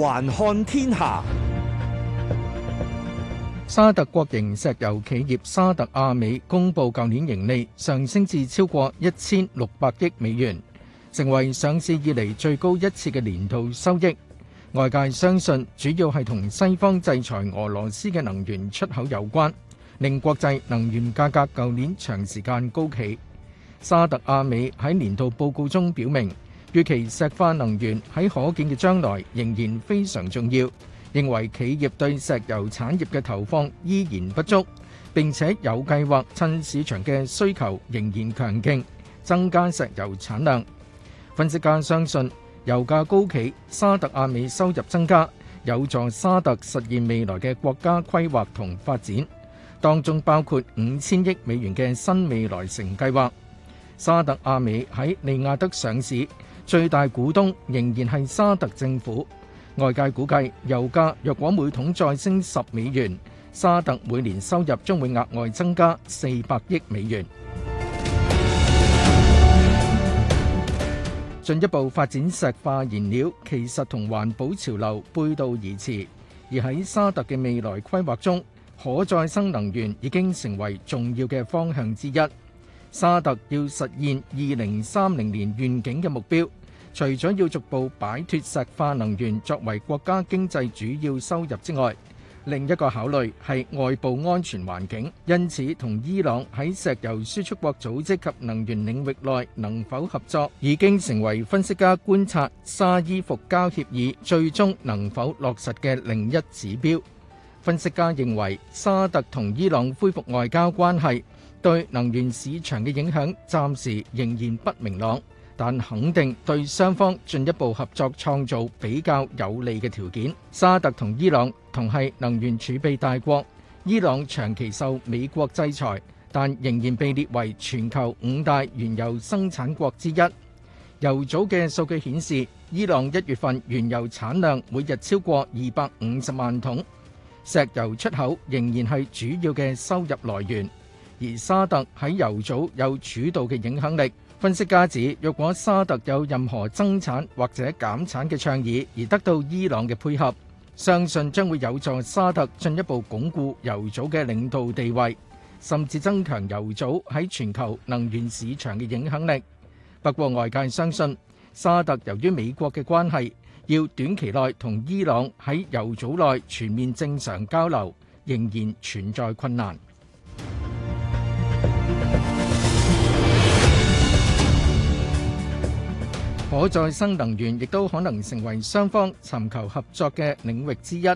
環看天下，沙特國營石油企業沙特阿美公布舊年盈利上升至超過一千六百億美元，成為上市以嚟最高一次嘅年度收益。外界相信，主要係同西方制裁俄羅斯嘅能源出口有關，令國際能源價格舊年長時間高企。沙特阿美喺年度報告中表明。預期石化能源喺可見嘅將來仍然非常重要，認為企業對石油產業嘅投放依然不足，並且有計劃趁市場嘅需求仍然強勁，增加石油產量。分析家相信油價高企，沙特阿美收入增加，有助沙特實現未來嘅國家規劃同發展，當中包括五千億美元嘅新未來城計劃。沙特阿美喺利雅得上市。最大股東仍然係沙特政府，外界估計油價若果每桶再升十美元，沙特每年收入將會額外增加四百億美元。進一步發展石化燃料，其實同環保潮流背道而馳，而喺沙特嘅未來規劃中，可再生能源已經成為重要嘅方向之一。沙特要實現二零三零年願景嘅目標。除咗要逐步擺脱石化能源作為國家經濟主要收入之外，另一個考慮係外部安全環境。因此，同伊朗喺石油輸出國組織及能源領域內能否合作，已經成為分析家觀察沙伊復交協議最終能否落實嘅另一指標。分析家認為，沙特同伊朗恢復外交關係對能源市場嘅影響，暫時仍然不明朗。但肯定對雙方進一步合作創造比較有利嘅條件。沙特同伊朗同係能源儲備大國，伊朗長期受美國制裁，但仍然被列為全球五大原油生產國之一。油組嘅數據顯示，伊朗一月份原油產量每日超過二百五十萬桶，石油出口仍然係主要嘅收入來源，而沙特喺油組有主導嘅影響力。分析家指，若果沙特有任何增產或者減產嘅倡議而得到伊朗嘅配合，相信將會有助沙特進一步鞏固油組嘅領導地位，甚至增強油組喺全球能源市場嘅影響力。不過，外界相信沙特由於美國嘅關係，要短期內同伊朗喺油組內全面正常交流，仍然存在困難。可再生能源亦都可能成為雙方尋求合作嘅領域之一。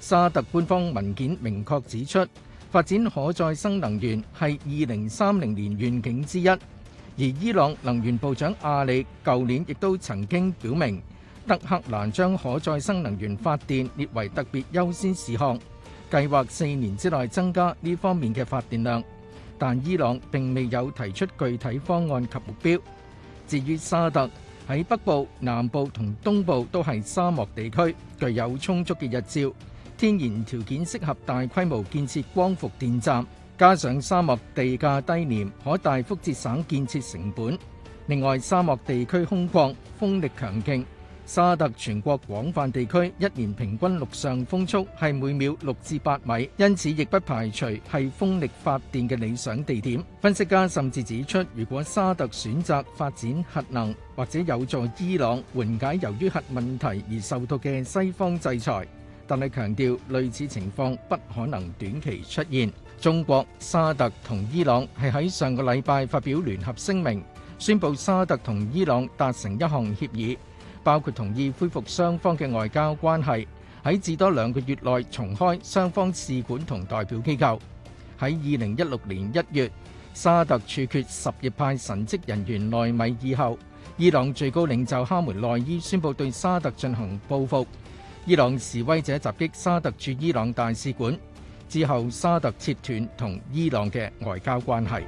沙特官方文件明確指出，發展可再生能源係2030年願景之一。而伊朗能源部長阿里舊年亦都曾經表明，德黑蘭將可再生能源發電列為特別優先事項，計劃四年之內增加呢方面嘅發電量。但伊朗並未有提出具體方案及目標。至於沙特，喺北部、南部同東部都係沙漠地區，具有充足嘅日照，天然條件適合大規模建設光伏電站。加上沙漠地價低廉，可大幅節省建設成本。另外，沙漠地區空曠，風力強勁。沙特全國廣泛地區一年平均陸上風速係每秒六至八米，因此亦不排除係風力發電嘅理想地點。分析家甚至指出，如果沙特選擇發展核能，或者有助伊朗緩解由於核問題而受到嘅西方制裁。但係強調，類似情況不可能短期出現。中國、沙特同伊朗係喺上個禮拜發表聯合聲明，宣布沙特同伊朗達成一項協議。包括同意恢復雙方嘅外交關係，喺至多兩個月內重開雙方使館同代表機構。喺二零一六年一月，沙特處決什葉派神職人員奈米爾後，伊朗最高領袖哈梅內伊宣布對沙特進行報復。伊朗示威者襲擊沙特駐伊朗大使館之後，沙特切斷同伊朗嘅外交關係。